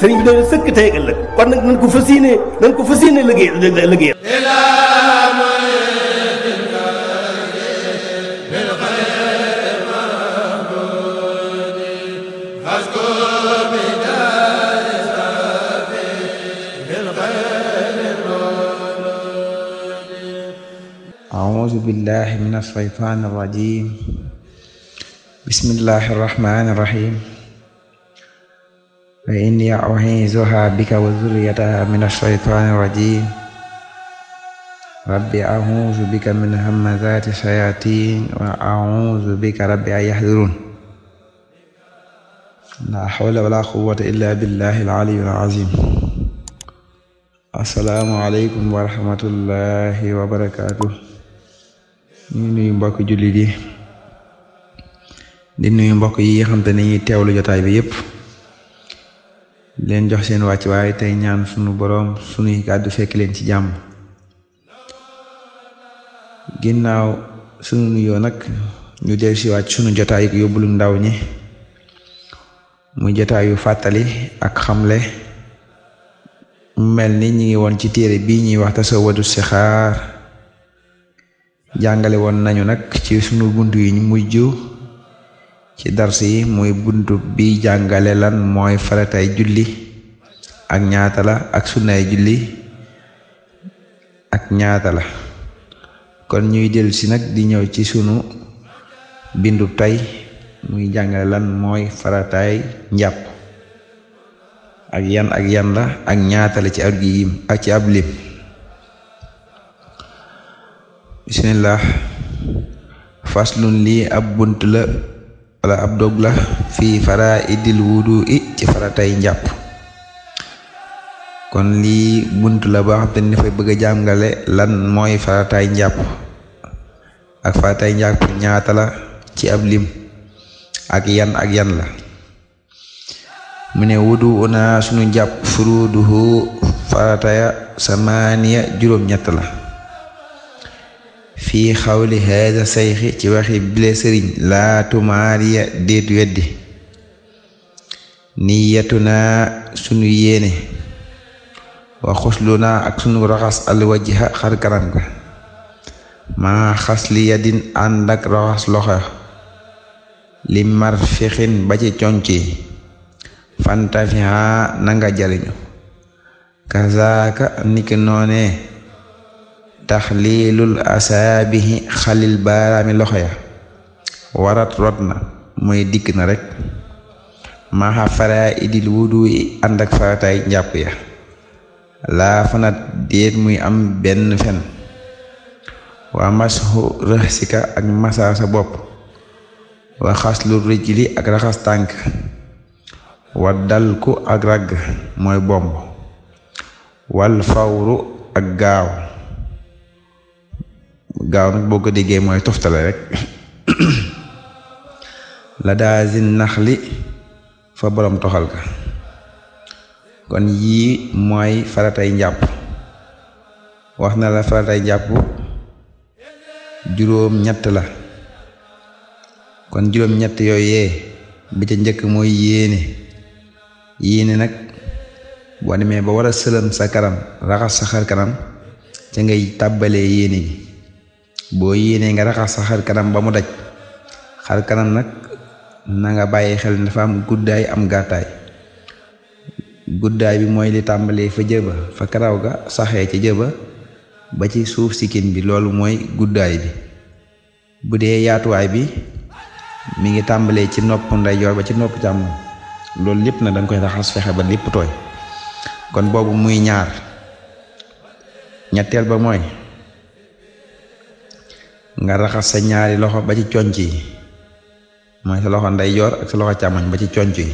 sëriñ bi dañu sëkk tey ëllëg kon nag nañ ko fas yéene nañ ko fas yéene liggéey liggéey أعوذ بالله من الشيطان الرجيم بسم الله الرحمن الرحيم fa inni u'iizuha bika wa zurriyataha min ash-shaytaani rajiim rabbi a'uuzu bika min hamazaati shayaatiin wa a'uuzu bika rabbi an yahduruun laa hawla wa laa quwwata illaa billaahil aliyyil aziim assalaamu aleykum wa rahmatullaahi wa barakaatuh ñu nuyu mbokk jullit yi di nuyu mbokk yi nga xam te ne ñuy teewlu jotaay bi yépp leen jox seen wàcc waaye tey ñaan sunu boroom sunuy kàddu fekk leen ci jàmm ginnaaw sunu nuyoo nag ñu del si wàcc sunu jotaay yu yóbbulu ndaw ñi muy jotaayu fàttali ak xamle mel ni ñi ngi woon ci téere bii ñuy wax tasawudu sixaar jàngale woon nañu nag ci sunu bunt yi ñu mujj ci dars yi muy buntu bi jàngale lan mooy faratay julli ak ñaata la ak sunnaay julli ak ñaata la kon ñuy del nag di ñëw ci sunu bindu tey muy jàngale lan mooy farataay njàpp ak yan ak yan la ak ñaata la ci ab yim ak ci ab lim lii ab bunt la wala ab dog la fii faraa'idil wudu'i ci faratay njàpp kon lii bunt la boo xam te ni dafay bëgg a jàngale lan mooy faratay njàpp ak faratay njàpp ñaata la ci ab lim ak yan ak yan la mu ne wudu una sunu njàpp furuduhu farataya samaaniya juróom-ñett la fii xawli haada sayxi ci waxi bile sëriñ laa déet weddi niyatu naa sunu yéene wa xuslu naa ak sunu raxas alwajiha xar kanam ga maa xas raxas loxo li mar fixin ba ci conc yi fantafiha nanga jariñu kazaaka niki taxliilul asaabihi xalil baaraami loxo ya warat rot na mooy dikk na rek maxa fara idil wudu i ànd ak farataay njàpp ya laa fanat déet muy am benn fen waa masxu rëxsika ak masa sa bopp wa xaslu rijli ak raxas tànk wa dalku ak ragg mooy bomb wal fawru ak gaaw gaaw nag boo ko déggee mooy toftale rek la daasi naxli fa borom toxal ka kon yii mooy faratay njàpp wax na la faratay njàpp juróom ñett la kon juróom ñett yooyee bi ca njëkk mooy yéene yéene nag boo demee ba war sëlëm sa kanam raxas sa xar kanam ngay tàbbalee yéene yi boo yéenee nga raxas sa xar kanam ba mu daj xar kanam nag na nga bàyyi xel ne dafa am guddaay am gàttaay guddaay bi mooy li tàmbalee fa jëba fa karaw ga saxee ca jëba ba ci suuf sikkin bi loolu mooy guddaay bi bu dee yaatuwaay bi mu ngi tàmbalee ci nopp ndeyjoor ba ci nopp càmmoñ loolu lépp nag dañ koy raxas fexe ba lépp tooy kon boobu muy ñaar ñetteel ba mooy nga raxas sa ñaari loxo ba ci conc yi mooy sa loxo ndeyjoor ak sa loxo càmmoñ ba ci conc yi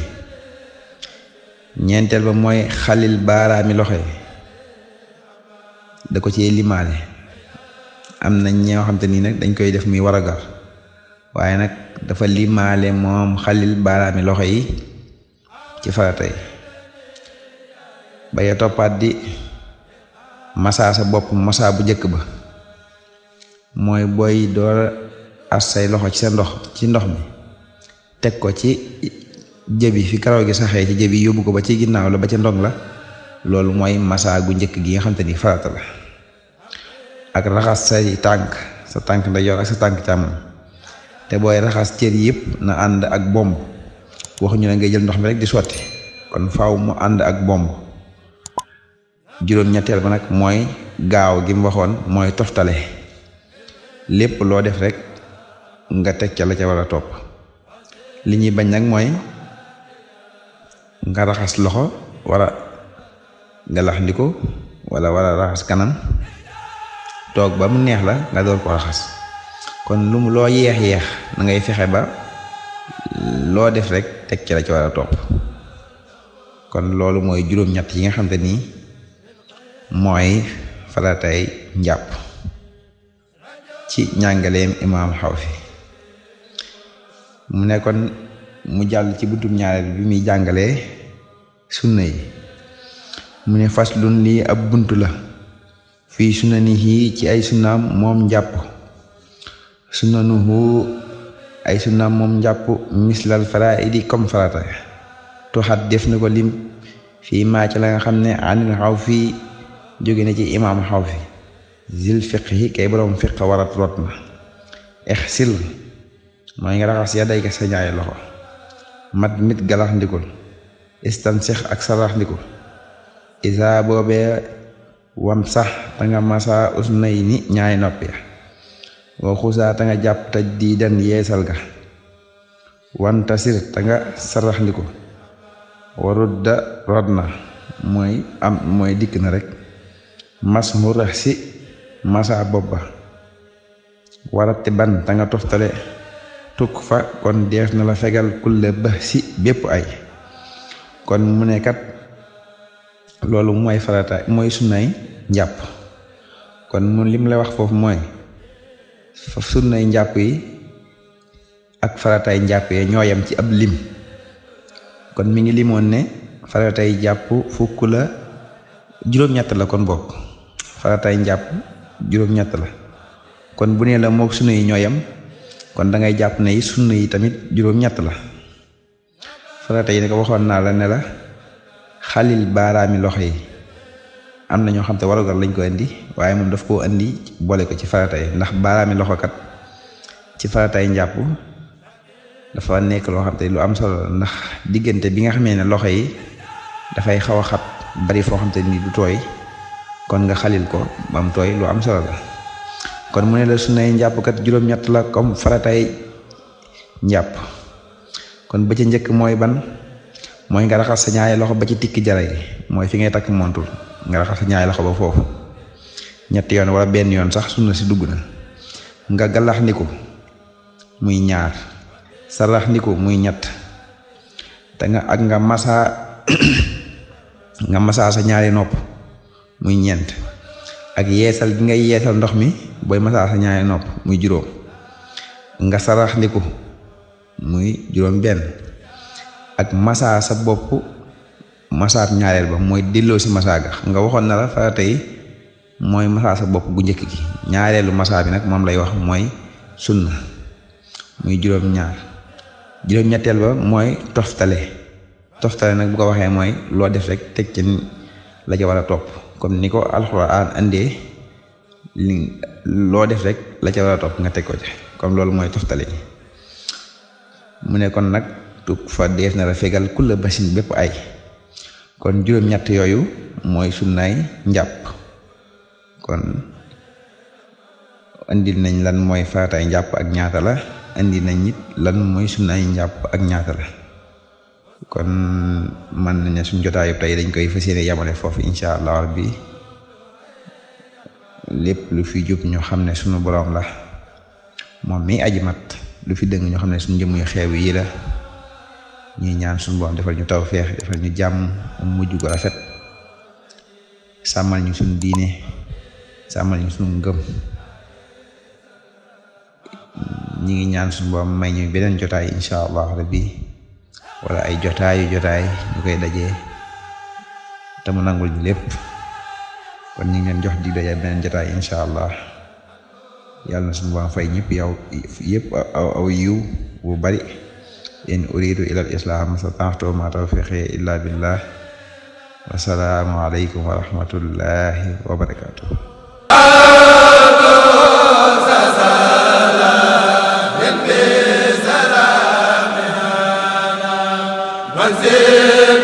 ñeenteel ba mooy xalil baaraami loxo yi da ko ci limaale am na ñoo xam te nii nag dañ koy def muy waragar waaye nag dafa limaale moom xalil baaraami loxo yi ci farata yi ba ya toppaat di masaa sa bopp masaa bu jëkk ba mooy booy door as say loxo ci sa ndox ci ndox mi teg ko ci jëbi fi karaw gi saxee ci jëbi yóbbu ko ba ci ginnaaw la ba ca ndong la loolu mooy masaa gu njëkk gi nga xam ni farata ak raxas say tànk sa tànk ndeyjoor ak sa tànk càmmoñ te booy raxas cër yëpp na ànd ak bomb waxuñu ne ngay jël ndox mi rek di sotti kon faw mu ànd ak bomb juróom ñetteel ba nag mooy gaaw gi waxoon mooy toftale lépp loo def rek nga teg ca la ca war a topp li ñuy bañ nag mooy nga raxas loxo war a galax wala war a raxas kanam toog ba mu neex la nga door ko raxas kon lu mu loo yeex yeex na ngay fexe ba loo def rek teg ci la ci war a topp kon loolu mooy juróom-ñett yi nga xam te nii mooy farataay njàpp ci njàngaleem imaam Xawfi mu nekkoon mu jàll ci butum ñaareel bi muy jàngale sunna yi mu ne faslun lii ab bunt la fii sunanihi ci ay sunnaam moom njàpp sunanuhu ay sunnaam moom njàpp mislal faraidi comme farata tuxat def na ko lim fii maa ci la nga xam ne anil xaw fi jóge na ci imam xaw fi zil yi kay borom fiq warat rot na ixsil mooy nga raxas ya day ka sa ñaari loxo mat mit galax ndikul istansix ak sarax ndikul isa boobee wam sax ta nga masa usnay ni ñaari nopp ya wa xusaa ta nga jàpp taj di den yeesal ga wantasir ta sarax ndikul warudda rod na mooy am mooy dikk na rek mas mu rax si masa bopp ba waratti ban ta toftale tukk fa kon dees na la fegal kulle ba si bépp ay kon mu ne kat loolu mooy farata mooy sunnay njàpp kon mu lim la wax foofu mooy sunnay njàpp yi ak faratay njàpp yi ñoo yam ci ab lim kon mu ngi limoon ne faratay jàpp fukk la juróom-ñett la kon bokk faratay njàpp juróom-ñett la kon bu nee la moo sunu yi ñoo yem kon dangay ngay jàpp ne sunna yi tamit juróom-ñett la farata yi ne ko waxoon naa la ne la xalil baaraami loxo yi am na ñoo xam te warugal lañ ko indi waaye moom daf koo indi boole ko ci farata yi ndax baaraami loxo kat ci farata yi njàpp dafa nekk loo xam te lu am solo ndax diggante bi nga xamee ne loxo yi dafay xaw a xat bari foo xam te ni du tooy. kon nga xalil ko ba mu tooy lu am solo kon mu ne la sunnay njàppkat juróom-ñett la comme faratay njàpp kon ba ci njëkk mooy ban mooy nga raxas sa ñaari loxo ba ci tikki jaray mooy fi ngay takk montul nga raxas ñaari loxo ba foofu ñetti yoon walla benn yoon sax sunna si dugg na nga galax muy ñaar sarax ndiku muy ñett te nga ak nga masa nga masa sa ñaari nopp muy ñeent ak yeesal bi ngay yeesal ndox mi booy masaa sa ñaari nopp muy juróom nga sarax ndiku muy juróom benn ak masaa sa bopp masaab ñaareel ba mooy delloo si masaa ga nga waxoon na la farata yi mooy masaa sa bopp gu njëkk gi ñaareelu masaa bi nag moom lay wax mooy sunna muy juróom ñaar juróom ñetteel ba mooy toftale toftale nag bu ko waxee mooy loo def rek teg ci la ca war a topp comme ni ko alxuraan andee li loo def rek la ca war nga teg ko ca comme loolu mooy toftale gi mu ne kon nag tuk fa dees na la fegal kulla basin bépp ay kon juróom-ñett yooyu mooy sunnaay njàpp kon indil nañ lan mooy faataay njàpp ak ñaata la indi nañ it lan mooy sunnaay njàpp ak ñaata la kon man nañu suñ jotaayu tey dañ koy fas yéene yamale foofu incha allah rabbi lépp lu fi jub ñu xam ne suñu boroom la moom mi aji mat lu fi dëng ñu xam ne suñu jëmuy xeew yii la ñuy ñaan suñu defal ñu tawféex defal ñu jàmm mujj gu rafet sàmmal ñu suñu diine sàmmal ñu suñu ngëm ñi ngi ñaan suñu boroom may ñu beneen jotaay incha allah rabbi wala ay jotaayu jotaay ñu koy daje te mu nangul ñu lépp kon ñu ngi leen jox dig daje beneen jotaay incha allah yàlla na fay ñëpp yow yëpp aw yiw bu bari in uridu ilal islaam mastata'tu ma tawfiqi illa billah wasalaamu aleykum wa rahmatullahi wa barakatuh زيد